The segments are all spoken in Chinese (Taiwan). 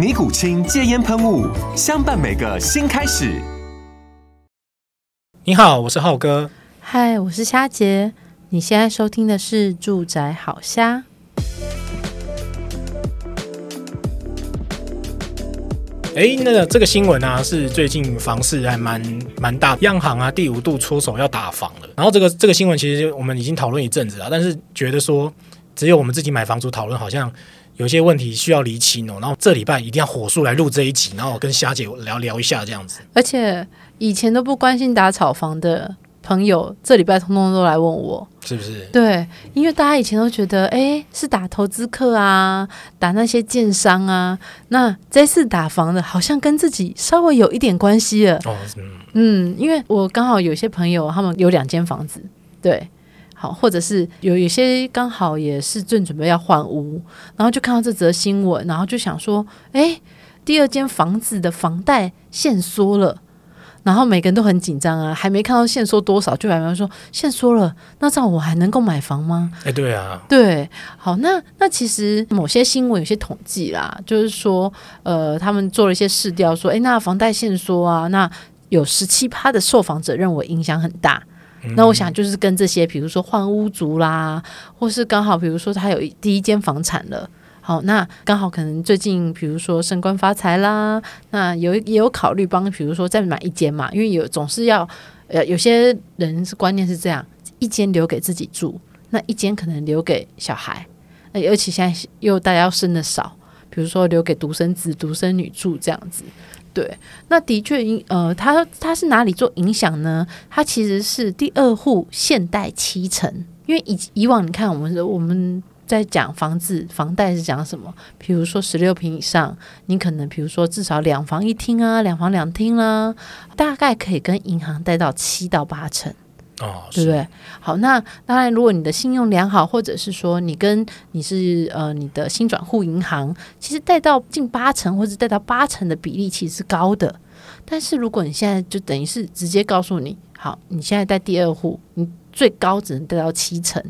尼古清戒菸噴霧，相伴每個新開始。你好，我是浩哥。嗨，我是蝦杰。你現在收聽的是《住宅好蝦》。哎，那個這個新聞啊，是最近房市還蠻蠻大，央行啊第五度出手要打房了。然後這個這個新聞其實我們已經討論一陣子了，但是覺得說只有我們自己買房主討論，好像。有些問題需要釐清哦，然後這禮拜一定要火速來錄這一集，然後我跟霞姐聊聊一下這樣子。而且以前都不關心打炒房的朋友，這禮拜通通都來問我是不是？對，因為大家以前都覺得，哎、欸，是打投資客啊，打那些建商啊，那這次打房的，好像跟自己稍微有一點關係了、哦。嗯，因為我剛好有些朋友，他們有兩間房子，對。好，或者是有有些剛好也是正準備要換屋，然後就看到這則新聞，然後就想說，哎、欸，第二間房子的房貸限縮了，然後每個人都很緊張啊，還沒看到限縮多少，就有人說限縮了，那這樣我還能夠買房嗎？哎、欸，對啊，對，好，那那其實某些新聞有些統計啦，就是說，呃，他們做了一些市調，說，哎、欸，那房貸限縮啊，那有十七趴的受訪者認為影響很大。那我想就是跟這些，比如說換屋族啦，或是剛好比如說他有一第一間房產了，好，那剛好可能最近比如說升官發財啦，那有也有考慮幫，比如說再買一間嘛，因為有總是要，呃，有些人是觀念是這樣，一間留給自己住，那一間可能留給小孩，那而且現在又大家要生的少。比如說留給獨生子、獨生女住這樣子，對，那的確呃，他他是哪裡做影響呢？他其實是第二戶限貸七成，因為以以往你看我們我們在講房子房貸是講什麼？比如說十六坪以上，你可能比如說至少兩房一廳啊，兩房兩廳啦，大概可以跟銀行貸到七到八成。哦、對不對？好，那當然，如果你的信用良好，或者是說你跟你是呃你的薪轉戶銀行，其實貸到近八成，或者貸到八成的比例，其實是高的。但是如果你現在就等於是直接告訴你，好，你現在貸第二戶，你最高只能貸到七成。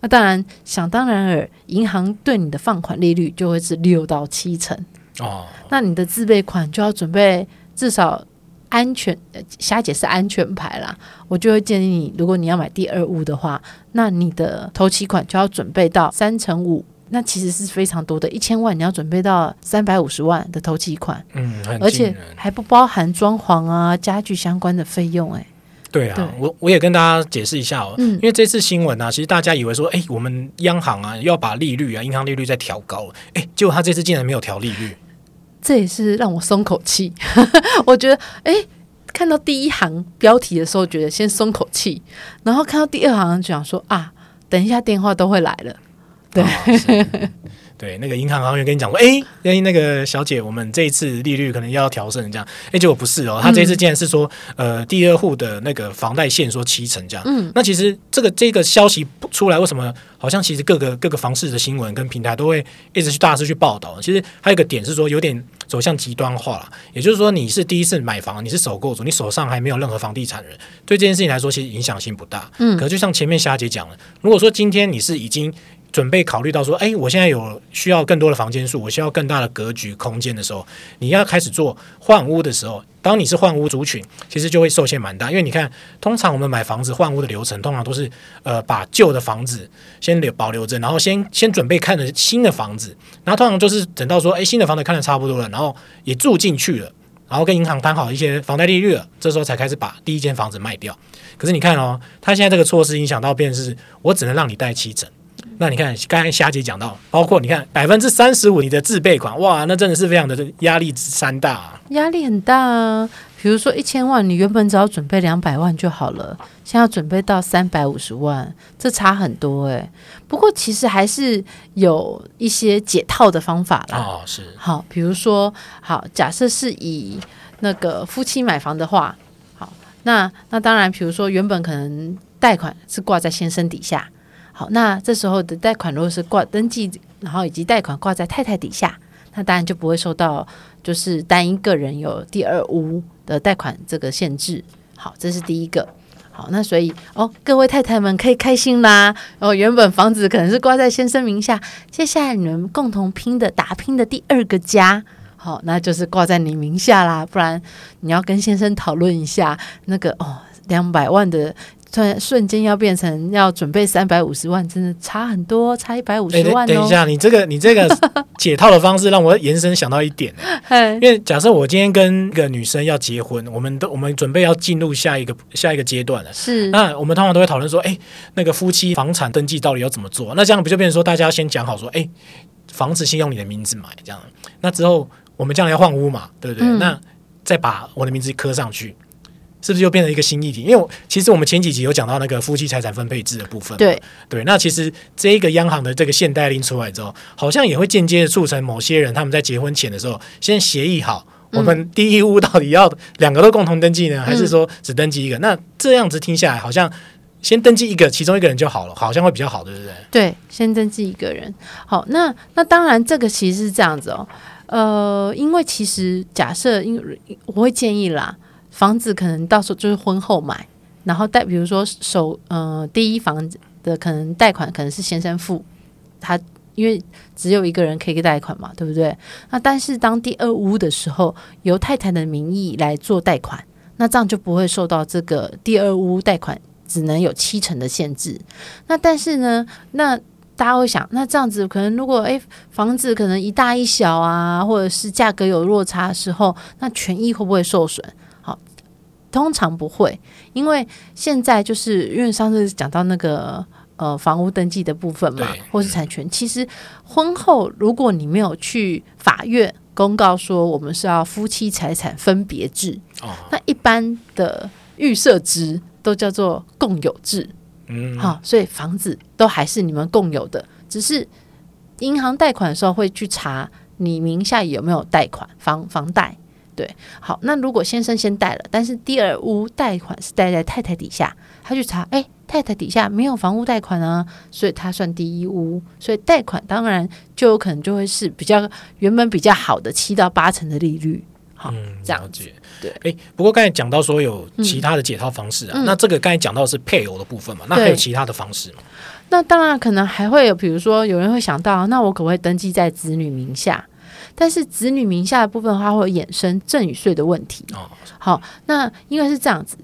那當然，想當然爾，銀行對你的放款利率就會是六到七成哦，那你的自備款就要準備至少。安全，呃，霞姐是安全牌啦，我就會建議你，如果你要買第二屋的話，那你的頭期款就要準備到三成五，那其實是非常多的，一千萬你要準備到三百五十萬的頭期款，嗯，而且還不包含裝潢啊、家具相關的費用、欸，誒，對啊，對我我也跟大家解釋一下哦、喔，嗯，因為這次新聞呢、啊，其實大家以為說，誒、欸，我們央行啊要把利率啊，銀行利率再調高誒、欸，結果他這次竟然沒有調利率。這也是讓我鬆口氣，呵呵我覺得，哎，看到第一行標題的時候，覺得先鬆口氣，然後看到第二行，就想說啊，等一下電話都會來了，對。哦 對，那個銀行行員跟你講說，哎，誒，那個小姐，我們這一次利率可能要調升。這樣。哎，結果不是哦、嗯，他這一次竟然是說，呃，第二戶的那個房貸限縮七成，這樣。嗯，那其實這個這個消息出來，為什麼好像其實各個各個房市的新聞跟平台都會一直去大肆去報道？其實還有一個點是說，有點走向極端化了。也就是說，你是第一次買房，你是首購族，你手上還沒有任何房地產人，對這件事情來說，其實影響性不大。嗯，可就像前面霞姐講的，如果說今天你是已經。準備考慮到說，哎、欸，我現在有需要更多的房間數，我需要更大的格局空間的時候，你要開始做換屋的時候，當你是換屋族群，其實就會受限蠻大。因為你看，通常我們買房子換屋的流程，通常都是呃把舊的房子先留保留着，然後先先準備看的新的房子，然後通常就是等到說，哎、欸，新的房子看得差不多了，然後也住進去了，然後跟銀行談好一些房貸利率了，這時候才開始把第一間房子賣掉。可是你看哦，他現在這個措施影響到變是，便是我只能讓你貸七成。那你看，剛才霞姐講到，包括你看百分之三十五你的自備款，哇，那真的是非常的壓力山大啊，壓力很大啊。比如說一千萬，你原本只要準備兩百萬就好了，現在要準備到三百五十萬，這差很多誒、欸。不過其實還是有一些解套的方法啦。哦，是。好，比如說，好，假設是以那個夫妻買房的話，好，那那當然，比如說原本可能貸款是掛在先生底下。好，那這時候的貸款如果是掛登記，然後以及貸款掛在太太底下，那當然就不會受到就是單一個人有第二屋的貸款這個限制。好，這是第一個。好，那所以哦，各位太太們可以開心啦。哦，原本房子可能是掛在先生名下，接下來你們共同拼的打拼的第二個家，好，哦，那就是掛在你名下啦。不然你要跟先生討論一下那個哦，兩百萬的。瞬突然瞬間要變成要準備三百五十萬，真的差很多，差一百五十萬，哦欸欸，等一下，你這個你這個解套的方式讓我延伸想到一點， 因為假設我今天跟一個女生要結婚，我們都我們準備要進入下一個下一個階段了。是，那我們通常都會討論說，誒、欸，那個夫妻房產登記到底要怎麼做？那這樣不就變成說，大家要先講好說，誒、欸，房子先用你的名字買，這樣，那之後我們將來要換屋嘛，對不對、嗯？那再把我的名字刻上去。是不是就變成一個新議題？因為其實我們前幾集有講到那個夫妻財產分配制的部分。對對，那其實這個央行的這個限貸令出來之後，好像也會間接的促成某些人他們在結婚前的時候先協議好，我們第一屋到底要兩、嗯、個都共同登記呢，還是說只登記一個、嗯？那這樣子聽下來，好像先登記一個，其中一個人就好了，好像會比較好，對不對？對，先登記一個人。好，那那當然這個其實是這樣子哦，呃，因為其實假設，因為我會建議啦。房子可能到時候就是婚後買，然後貸，比如說首，嗯、呃，第一房子的可能貸款可能是先生付，他因為只有一個人可以貸款嘛，對不對？那但是當第二屋的時候，由太太的名義來做貸款，那這樣就不會受到這個第二屋貸款只能有七成的限制。那但是呢，那大家會想，那這樣子可能如果誒房子可能一大一小啊，或者是價格有落差的時候，那權益會不會受損？通常不會，因為現在就是因為上次講到那個呃房屋登記的部分嘛，或是產權、嗯。其實婚後如果你沒有去法院公告說我們是要夫妻財產分別制，哦、那一般的預設值都叫做共有制，嗯，嗯，好、哦，所以房子都還是你們共有的，只是銀行貸款的時候會去查你名下有沒有貸款，房房貸。對，好，那如果先生先貸了，但是第二屋貸款是貸在太太底下，他去查，哎、欸，太太底下沒有房屋貸款呢、啊，所以他算第一屋，所以貸款當然就有可能就會是比較原本比較好的七到八成的利率，好，嗯、這樣子。對，哎、欸，不過剛才講到說有其他的解套方式啊，嗯嗯、那這個剛才講到是配偶的部分嘛，那還有其他的方式嘛？那當然可能還會有，比如說有人會想到，那我可不可以登記在子女名下？但是子女名下的部分的話，會衍生贈與稅的問題、哦。好，那因為是這樣子，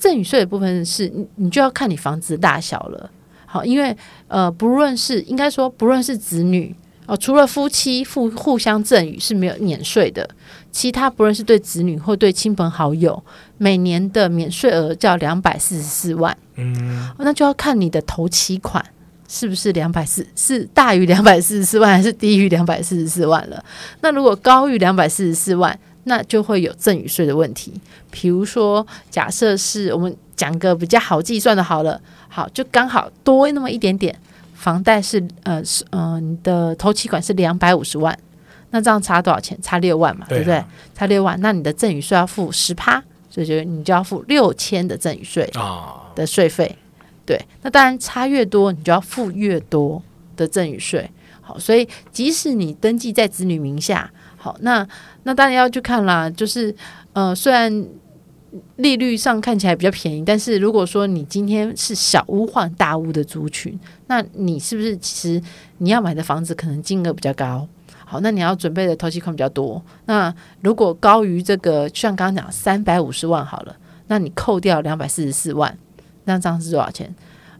贈與稅的部分是你，你就要看你房子大小了。好，因為呃，不論是應該說，不論是子女哦、呃，除了夫妻互互相贈與是沒有免稅的，其他不論是對子女或對親朋好友，每年的免稅額叫兩百四十四萬。嗯、哦，那就要看你的頭期款。是不是兩百四是大於兩百四十四萬還是低於兩百四十四萬了？那如果高於兩百四十四萬，那就會有贈與稅的問題。比如說，假設是我們講個比較好計算的，好了，好，就剛好多那麼一點點。房貸是呃是嗯、呃，你的頭期款是兩百五十萬，那這樣差多少錢？差六萬嘛，對不對？對啊、差六萬，那你的贈與稅要付十趴，所以就你就要付六千的贈與稅啊的稅費。哦對，那當然差越多，你就要付越多的贈與稅。好，所以即使你登記在子女名下，好，那那當然要去看啦。就是，呃，雖然利率上看起來比較便宜，但是如果說你今天是小屋換大屋的族群，那你是不是其實你要買的房子可能金額比較高？好，那你要準備的頭期款比較多。那如果高於這個，就像剛剛講三百五十萬好了，那你扣掉兩百四十四萬。那這樣是多少錢？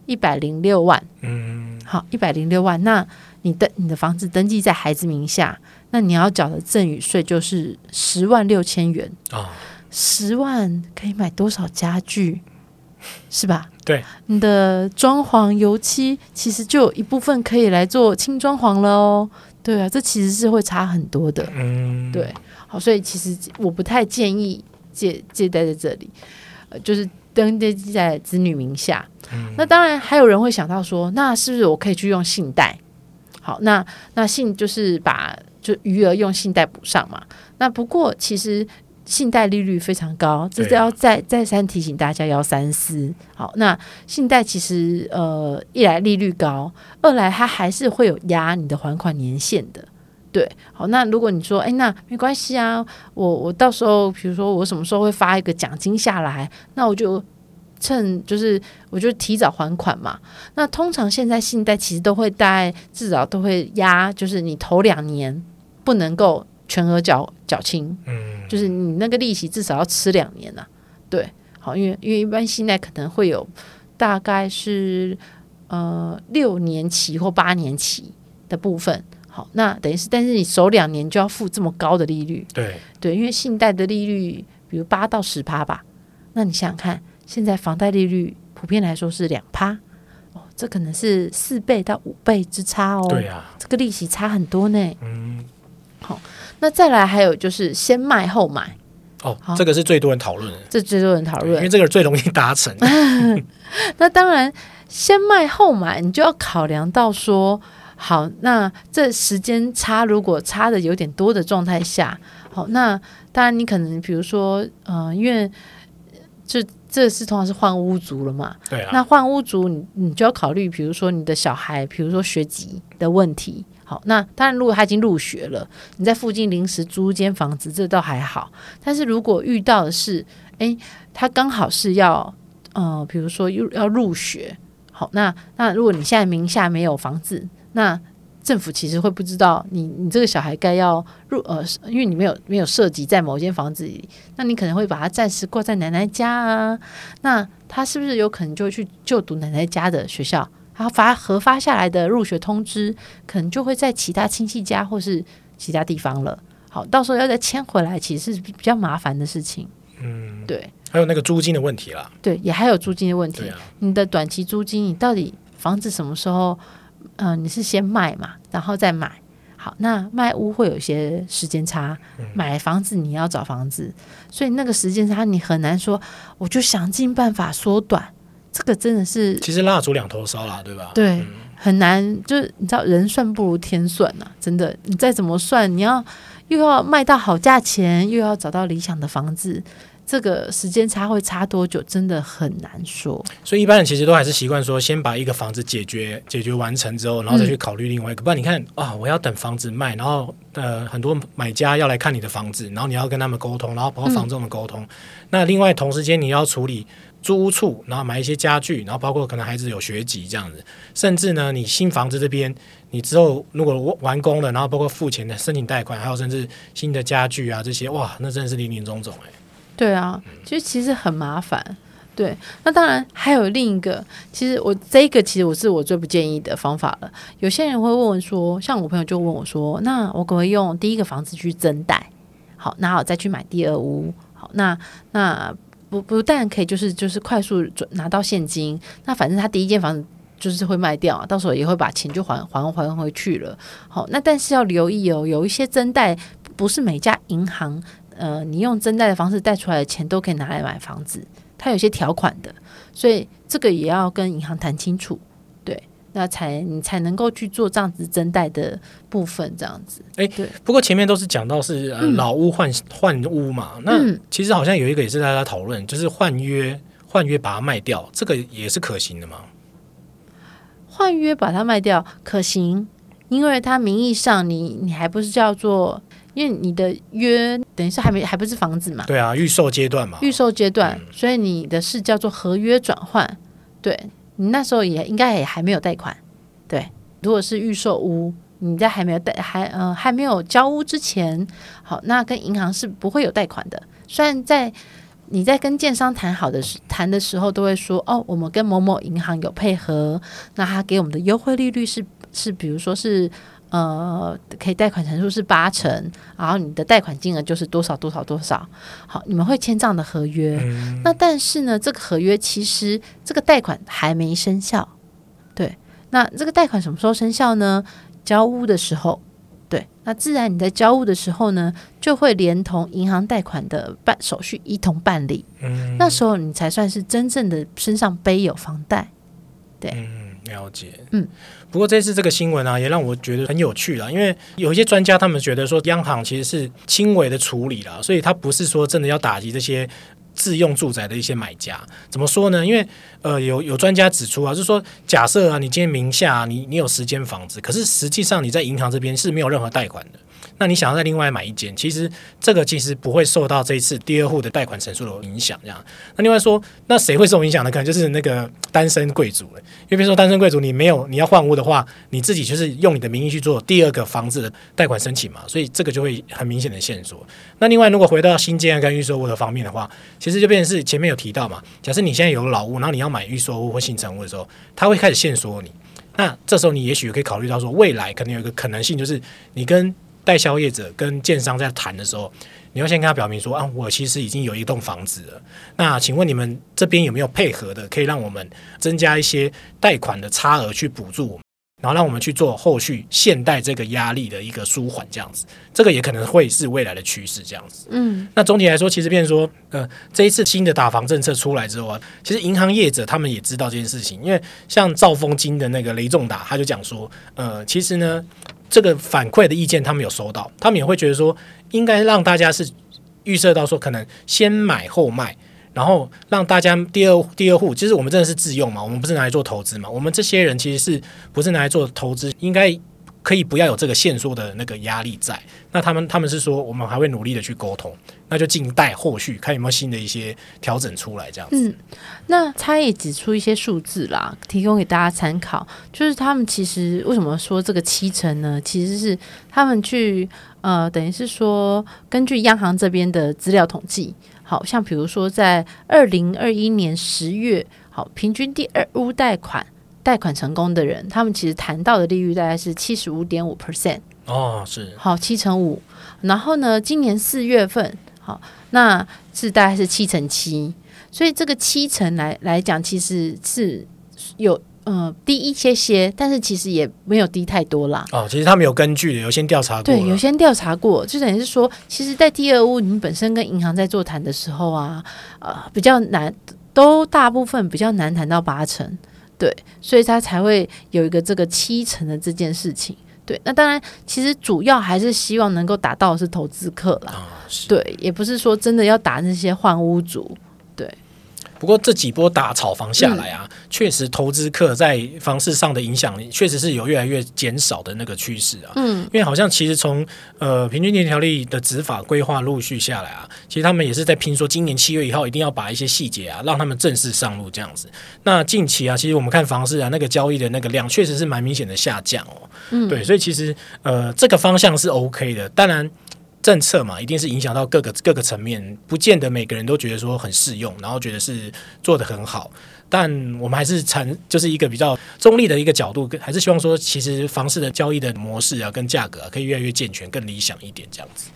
一百零六萬。嗯，好，一百零六萬。那你的你的房子登記在孩子名下，那你要繳的贈與稅就是十萬六千元。啊、哦，十萬可以買多少家具？是吧？對，你的裝潢油漆其實就有一部分可以來做輕裝潢了哦。對啊，這其實是會差很多的。嗯，對。好，所以其實我不太建議借借貸在這裡，呃、就是。登記在子女名下。嗯，那當然還有人會想到說，那是不是我可以去用信貸？好，那那信就是把就餘額用信貸補上嘛。那不過其實信貸利率非常高，這是要再，啊、再三提醒大家要三思。好，那信貸其實呃一來利率高，二來它還是會有壓你的還款年限的。對，好，那如果你說，哎，那沒關係啊，我我到時候，比如說我什麼時候會發一個獎金下來，那我就趁就是我就提早還款嘛。那通常現在信貸其實都會帶至少都會壓，就是你頭兩年不能夠全額繳繳清，嗯，就是你那個利息至少要吃兩年吶，啊。對，好，因為因為一般信貸可能會有大概是呃六年期或八年期的部分。好，那等於是，但是你首兩年就要付這麼高的利率，對對，因為信貸的利率比如八到十趴吧，那你想想看，現在房貸利率普遍來說是兩趴，哦，這可能是四倍到五倍之差哦，對呀，啊，這個利息差很多呢。嗯，好，那再來還有就是先賣後買，哦，好，這個是最多人討論的，嗯，這最多人討論，因為這個最容易達成。 那當然，先賣後買，你就要考量到說。好，那這時間差如果差的有點多的狀態下，好，那當然你可能比如說，嗯、呃，因為這這是通常是換屋族了嘛，對啊。那換屋族你你就要考慮，比如說你的小孩，比如說學籍的問題。好，那當然如果他已經入學了，你在附近臨時租間房子，這倒還好。但是如果遇到的是，哎、欸，他剛好是要，呃，比如說又要入學，好，那那如果你現在名下沒有房子。那政府其實會不知道你，你這個小孩該要入呃，因為你沒有沒有設籍在某間房子裡，那你可能會把他暫時掛在奶奶家啊。那他是不是有可能就會去就讀奶奶家的學校？他發核發下來的入學通知，可能就會在其他親戚家或是其他地方了。好，到時候要再遷回來，其實是比較麻煩的事情。嗯，對，還有那個租金的問題啦。對，也還有租金的問題。啊、你的短期租金，你到底房子什麼時候？嗯、呃，你是先賣嘛，然後再買。好，那賣屋會有一些時間差，買房子你要找房子、嗯，所以那個時間差你很難說，我就想盡辦法縮短。這個真的是，其實蠟燭兩頭燒啦，對吧？對，嗯、很難，就是你知道，人算不如天算吶、啊，真的。你再怎麼算，你要又要賣到好價錢，又要找到理想的房子。這個時間差會差多久，真的很難說。所以一般人其實都還是習慣說，先把一個房子解決解決完成之後，然後再去考慮另外一個、嗯。不然你看啊、哦，我要等房子賣，然後呃，很多買家要來看你的房子，然後你要跟他們溝通，然後包括房東的溝通。嗯、那另外，同時間你要處理租屋處，然後買一些家具，然後包括可能孩子有學籍這樣子，甚至呢，你新房子這邊，你之後如果完工了，然後包括付錢的申請貸款，還有甚至新的家具啊這些，哇，那真的是林林總總哎對啊，其實其實很麻煩。對，那當然還有另一個，其實我這一個其實我是我最不建議的方法了。有些人會問問說，像我朋友就問我說：“那我可不可以用第一個房子去增貸？好，那我再去買第二屋？好，那那不不但可以，就是就是快速準拿到現金。那反正他第一間房子就是會賣掉，到時候也會把錢就還還還回去了。好，那但是要留意哦，有一些增貸不是每家銀行。呃，你用增貸的方式貸出來的錢都可以拿來買房子，它有些條款的，所以這個也要跟銀行談清楚，對，那才你才能夠去做這樣子增貸的部分，這樣子。哎，對、欸。不過前面都是講到是、呃嗯、老屋換換屋嘛，那其實好像有一個也是大家討論、嗯，就是換約換約把它賣掉，這個也是可行的嗎？換約把它賣掉可行，因為它名義上你你還不是叫做。因為你的約等於是還沒還不是房子嘛？對啊，預售階段嘛。預售階段，嗯、所以你的事叫做合約轉換。對，你那時候也應該也還沒有貸款。對，如果是預售屋，你在還沒有貸還呃還沒有交屋之前，好，那跟銀行是不會有貸款的。雖然在你在跟建商談好的談的時候，都會說哦，我們跟某某銀行有配合，那他給我們的優惠利率是是，比如說是。呃，可以貸款成數是八成，然後你的貸款金額就是多少多少多少。好，你們會簽這樣的合約。那但是呢，這個合約其實這個貸款還沒生效。對，那這個貸款什麼時候生效呢？交屋的時候。對，那自然你在交屋的時候呢，就會連同銀行貸款的辦手續一同辦理。那時候你才算是真正的身上背有房貸。對。了解，嗯，不過這次這個新聞啊，也讓我覺得很有趣了，因為有一些專家他們覺得說，央行其實是輕微的處理了，所以他不是說真的要打擊這些自用住宅的一些買家。怎麼說呢？因為呃，有有專家指出啊，就是說，假設啊，你今天名下啊，你，你有十間房子，可是實際上你在銀行這邊是沒有任何貸款的。那你想要再另外買一間，其實這個其實不會受到這一次第二戶的貸款成數的影響。這樣，那另外說，那誰會受影響呢？可能就是那個單身貴族、欸、因為比如說單身貴族，你沒有你要換屋的話，你自己就是用你的名義去做第二個房子的貸款申請嘛，所以這個就會很明顯的限縮。那另外，如果回到新建跟預售屋的方面的話，其實就變成是前面有提到嘛，假設你現在有老屋，然後你要買預售屋或新成屋的時候，他會開始限縮你。那這時候你也許可以考慮到說，未來可能有一個可能性就是你跟代銷業者跟建商在談的時候，你要先跟他表明說啊，我其實已經有一棟房子了。那請問你們這邊有沒有配合的，可以讓我們增加一些貸款的差額去補助，然後讓我們去做後續限貸這個壓力的一個舒緩，這樣子。這個也可能會是未來的趨勢，這樣子。嗯，那總體來說，其實變說，呃，這一次新的打房政策出來之後啊，其實銀行業者他們也知道這件事情，因為像兆豐金的那個雷仲達，他就講說，呃，其實呢。這個反饋的意見，他們有收到，他們也會覺得說，應該讓大家是預設到說，可能先買後賣，然後讓大家第二第二戶，其實我們真的是自用嘛，我們不是拿來做投資嘛，我們這些人其實是不是拿來做投資，應該。可以不要有這個限縮的那個壓力在，那他們他們是說，我們還會努力的去溝通，那就靜待後續，看有沒有新的一些調整出來這樣子。嗯，那他也指出一些數字啦，提供給大家參考，就是他們其實為什麼說這個七成呢？其實是他們去呃，等於是說根據央行這邊的資料統計，好像比如說在二零二一年十月，好平均第二屋貸款。貸款成功的人，他們其實談到的利率大概是七十五點五 percent 哦，是。好，七成五。然後呢，今年四月份，好，那是大概是七成七。所以這個七成來來講，其實是有呃低一些些，但是其實也沒有低太多啦。哦，其實他們有根據的，有先調查過，對，有先調查過，就等於是說，其實在第二屋，你們本身跟銀行在座談的時候啊，呃，比較難，都大部分比較難談到八成。對，所以他才會有一個這個七成的這件事情。對，那當然，其實主要還是希望能夠打到是投資客啦、啊。對，也不是說真的要打那些換屋主。對，不過這幾波打炒房下來啊。嗯確實，投資客在房市上的影響力確實是有越來越減少的那個趨勢啊。嗯，因為好像其實從呃平均地權條例的執法規劃陸續下來啊，其實他們也是在拼說，今年七月一號一定要把一些細節啊，讓他們正式上路這樣子。那近期啊，其實我們看房市啊，那個交易的那個量確實是蠻明顯的下降哦。嗯，對，所以其實呃，這個方向是 OK 的。當然，政策嘛，一定是影響到各個各個層面，不見得每個人都覺得說很適用，然後覺得是做得很好。但我們還是成，就是一個比較中立的一個角度，還是希望說，其實房市的交易的模式啊，跟價格啊，可以越來越健全、更理想一點，這樣子。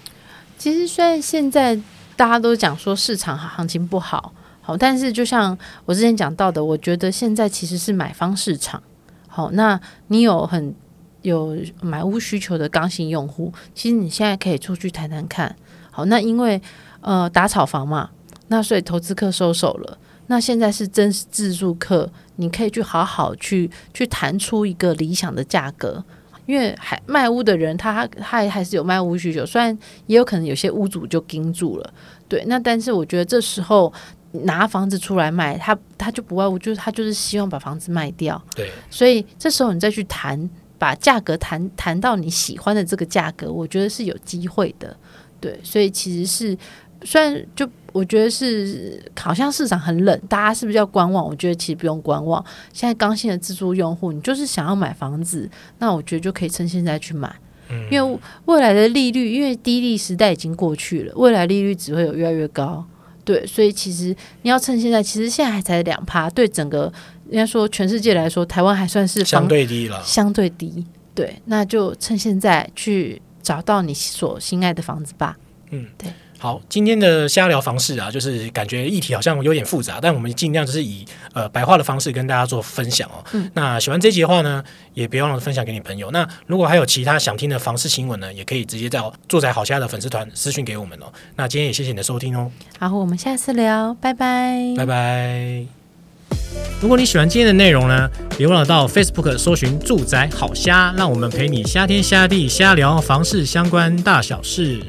其實雖然現在大家都講說市場行情不好，好，但是就像我之前講到的，我覺得現在其實是買方市場。好，那你有很有買屋需求的剛性用戶，其實你現在可以出去談談看。好，那因為呃打炒房嘛，那所以投資客收手了。那現在是真是自住客，你可以去好好去去談出一個理想的價格，因為還賣屋的人他，他他還是有賣屋需求，雖然也有可能有些屋主就盯住了，對，那但是我覺得這時候拿房子出來賣，他他就不外乎就是他就是希望把房子賣掉，對，所以這時候你再去談，把價格談談到你喜歡的這個價格，我覺得是有機會的，對，所以其實是雖然就。我覺得是好像市場很冷，大家是不是要觀望？我覺得其實不用觀望。現在剛性的自住用戶，你就是想要買房子，那我覺得就可以趁現在去買。嗯，因為未來的利率，因為低利時代已經過去了，未來利率只會有越來越高。對，所以其實你要趁現在，其實現在還才兩趴。對，整個應該說全世界來說，台灣還算是相對低了，相對低。對，那就趁現在去找到你所心愛的房子吧。嗯，對。好，今天的瞎聊房事啊，就是感覺議題好像有點複雜，但我們盡量就是以呃白話的方式跟大家做分享哦。嗯，那喜歡這集的話呢，也別忘了分享給你朋友。那如果還有其他想聽的房事新聞呢，也可以直接在住宅好蝦的粉絲團私訊給我們哦。那今天也謝謝你的收聽哦。好，我們下次聊，拜拜，拜拜。如果你喜歡今天的內容呢，別忘了到 Facebook 搜尋住宅好蝦，讓我們陪你瞎天瞎地瞎聊房事相關大小事。